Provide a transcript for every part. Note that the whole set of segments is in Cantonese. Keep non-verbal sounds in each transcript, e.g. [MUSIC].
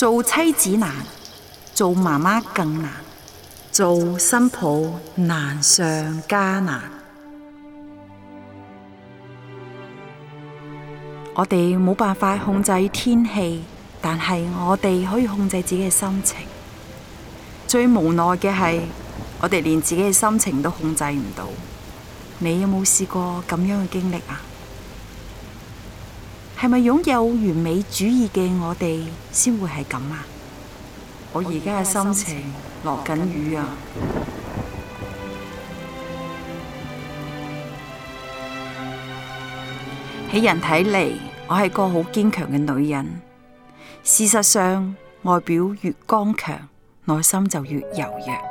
做妻子難，做媽媽更難，做新抱難上加難。我哋冇辦法控制天氣，但係我哋可以控制自己嘅心情。最無奈嘅係，我哋連自己嘅心情都控制唔到。你有冇試過咁樣嘅經歷啊？係咪擁有完美主義嘅我哋先會係咁啊？我而家嘅心情落緊雨啊！喺人睇嚟，我係個好堅強嘅女人。事實上，外表越剛強，內心就越柔弱。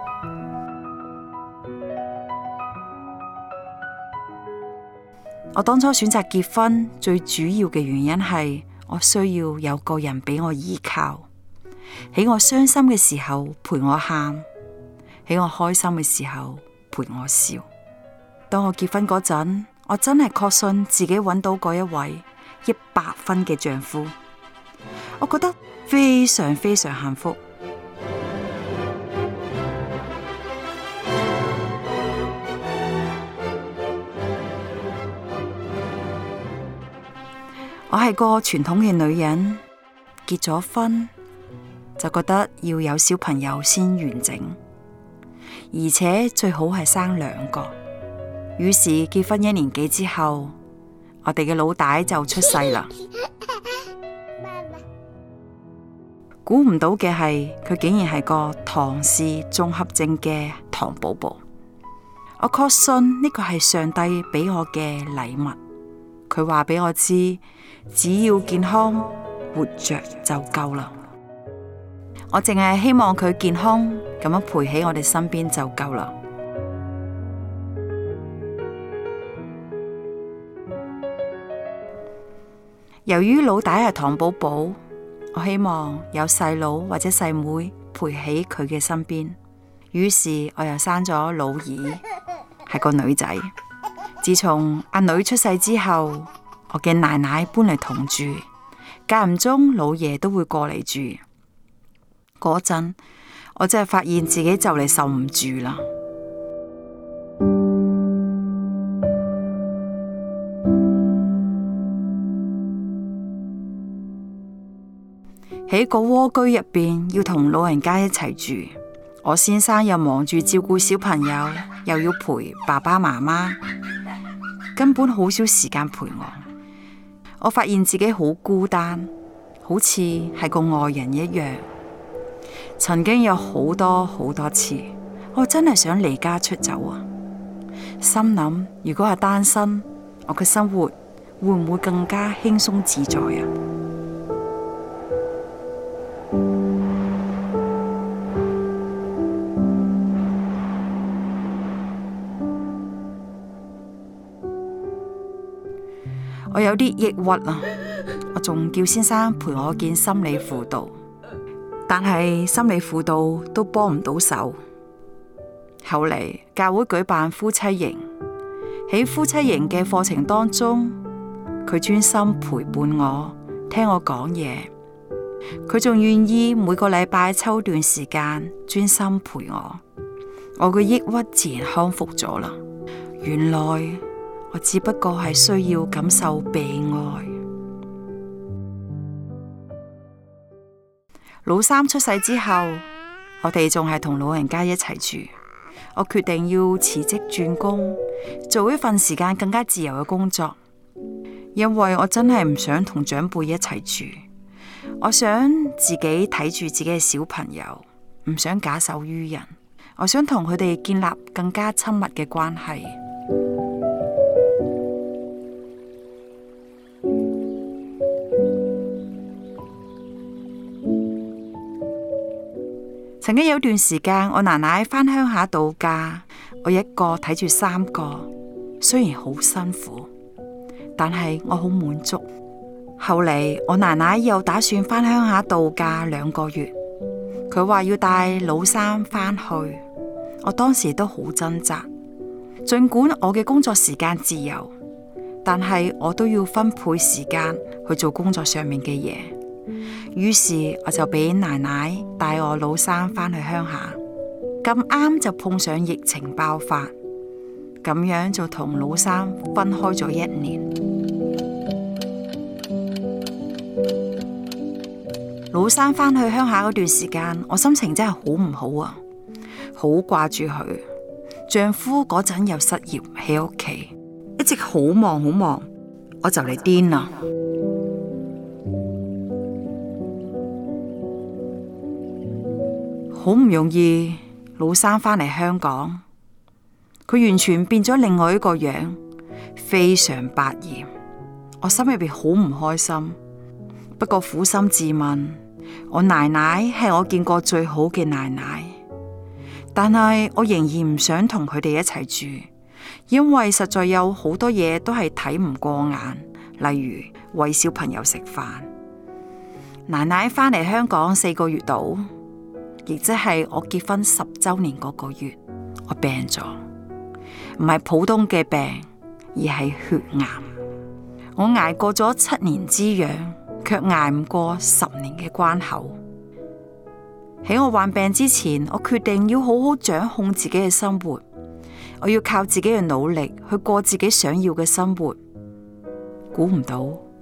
我當初選擇結婚最主要嘅原因係，我需要有個人俾我依靠，喺我傷心嘅時候陪我喊，喺我開心嘅時候陪我笑。當我結婚嗰陣，我真係確信自己揾到嗰一位一百分嘅丈夫，我覺得非常非常幸福。我係個傳統嘅女人，結咗婚，就覺得要有小朋友先完整，而且最好係生兩個。於是結婚一年幾之後，我哋嘅老大就出世啦。估唔 [LAUGHS] 到嘅係，佢竟然係個唐氏綜合症嘅唐寶寶。我確信呢個係上帝俾我嘅禮物。佢話俾我知，只要健康活着就夠啦。我淨係希望佢健康咁樣陪喺我哋身邊就夠啦。由於老大係唐寶寶，我希望有細佬或者細妹陪喺佢嘅身邊，於是我又生咗老二，係個女仔。自從阿女出世之後，我嘅奶奶搬嚟同住，間唔中老爺都會過嚟住。嗰陣我真係發現自己就嚟受唔住啦。喺 [MUSIC] 個蝸居入邊要同老人家一齊住，我先生又忙住照顧小朋友，又要陪爸爸媽媽。根本好少時間陪我，我發現自己好孤單，好似係個外人一樣。曾經有好多好多次，我真係想離家出走啊！心諗如果係單身，我嘅生活會唔會更加輕鬆自在啊？我有啲抑鬱啊，我仲叫先生陪我見心理輔導，但係心理輔導都幫唔到手。後嚟教會舉辦夫妻營，喺夫妻營嘅課程當中，佢專心陪伴我，聽我講嘢，佢仲願意每個禮拜抽段時間專心陪我，我嘅抑鬱自然康復咗啦。原來。我只不過係需要感受被愛。老三出世之後，我哋仲係同老人家一齊住。我決定要辭職轉工，做一份時間更加自由嘅工作，因為我真係唔想同長輩一齊住。我想自己睇住自己嘅小朋友，唔想假手於人。我想同佢哋建立更加親密嘅關係。曾經有段時間，我奶奶翻鄉下度假，我一個睇住三個，雖然好辛苦，但係我好滿足。後嚟我奶奶又打算翻鄉下度假兩個月，佢話要帶老三翻去，我當時都好掙扎。儘管我嘅工作時間自由，但係我都要分配時間去做工作上面嘅嘢。於是我就俾奶奶帶我老三返去鄉下，咁啱就碰上疫情爆發，咁樣就同老三分開咗一年。老三返去鄉下嗰段時間，我心情真係好唔好啊，好掛住佢。丈夫嗰陣又失業喺屋企，一直好忙好忙，我就嚟癲啦。好唔容易老三返嚟香港，佢完全變咗另外一個樣非常百厭。我心入邊好唔開心。不過苦心自問，我奶奶係我見過最好嘅奶奶，但係我仍然唔想同佢哋一齊住，因為實在有好多嘢都係睇唔過眼，例如餵小朋友食飯。奶奶返嚟香港四個月度。亦即係我結婚十周年嗰個月，我病咗，唔係普通嘅病，而係血癌。我挨過咗七年之癢，卻挨唔過十年嘅關口。喺我患病之前，我決定要好好掌控自己嘅生活，我要靠自己嘅努力去過自己想要嘅生活。估唔到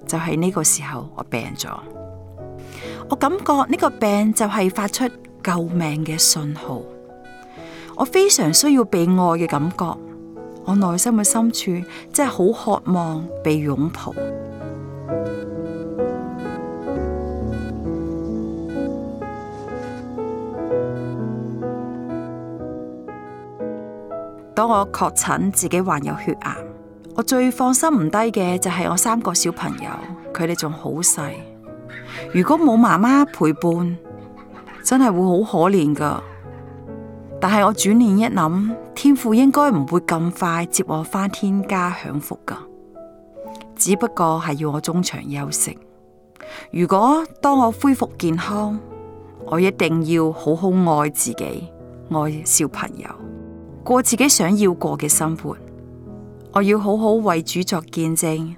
就喺呢個時候我病咗，我感覺呢個病就係發出救命嘅信號，我非常需要被愛嘅感覺，我內心嘅深處真係好渴望被擁抱。 [MUSIC] 當我確診自己患有血癌，我最放心唔低嘅就係我三個小朋友，佢哋仲好細，如果冇媽媽陪伴，真係會好可憐噶，但係我轉念一諗，天父應該唔會咁快接我返天家享福噶，只不過係要我中場休息。如果當我恢復健康，我一定要好好愛自己，愛小朋友，過自己想要過嘅生活。我要好好為主作見證，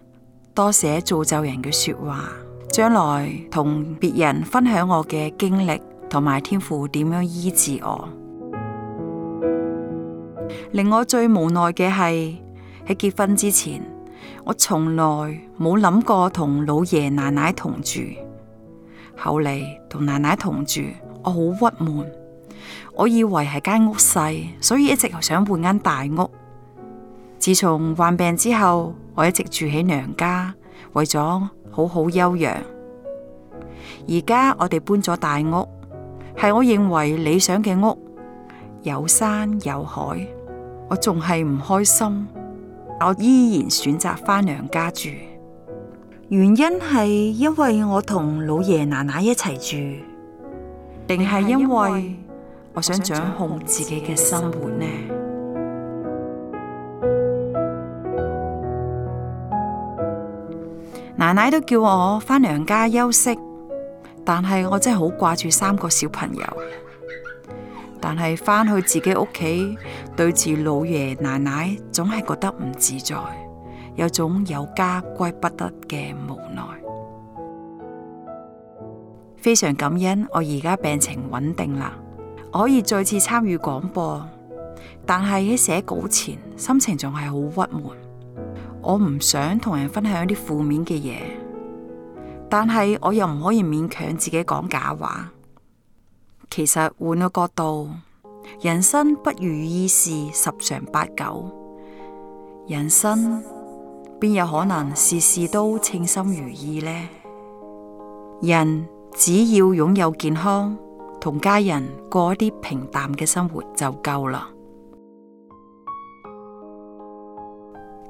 多寫造就人嘅說話，將來同別人分享我嘅經歷。同埋天父點樣醫治我？令我最無奈嘅係喺結婚之前，我從來冇諗過同老爺奶奶同住。後嚟同奶奶同住，我好鬱悶。我以為係間屋細，所以一直想換間大屋。自從患病之後，我一直住喺娘家，為咗好好休養。而家我哋搬咗大屋。係我認為理想嘅屋，有山有海，我仲係唔開心，我依然選擇返娘家住。原因係因為我同老爺奶奶一齊住，定係因為我想掌控自己嘅生活呢？奶奶都叫我返娘家休息。但係我真係好掛住三個小朋友，但係翻去自己屋企對住老爺奶奶，總係覺得唔自在，有種有家歸不得嘅無奈。非常感恩我而家病情穩定啦，可以再次參與廣播，但係喺寫稿前心情仲係好鬱悶，我唔想同人分享啲負面嘅嘢。但係我又唔可以勉強自己講假話。其實換個角度，人生不如意事十常八九，人生邊有可能事事都稱心如意呢？人只要擁有健康，同家人過啲平淡嘅生活就夠啦。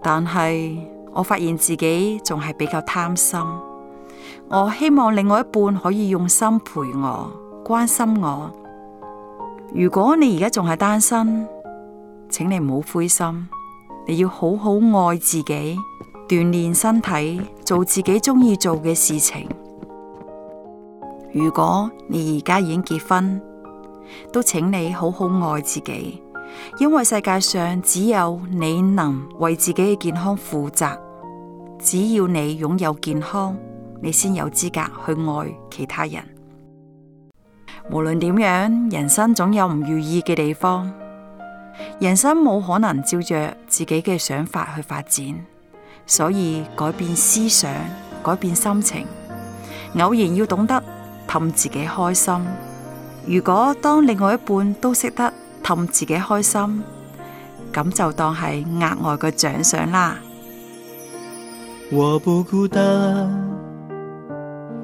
但係我發現自己仲係比較貪心。我希望另外一半可以用心陪我，關心我。如果你而家仲係單身，請你唔好灰心，你要好好愛自己，鍛煉身體，做自己中意做嘅事情。如果你而家已經結婚，都請你好好愛自己，因為世界上只有你能為自己嘅健康負責，只要你擁有健康。你先有資格去愛其他人。無論點樣，人生總有唔如意嘅地方。人生冇可能照着自己嘅想法去發展，所以改變思想，改變心情。偶然要懂得氹自己開心。如果當另外一半都識得氹自己開心，咁就當係額外嘅獎賞啦。我不孤單。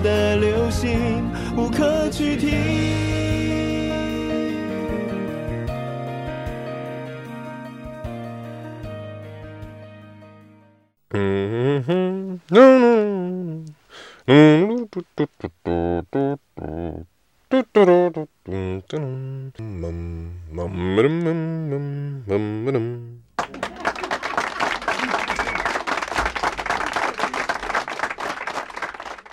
的流星，無可取替。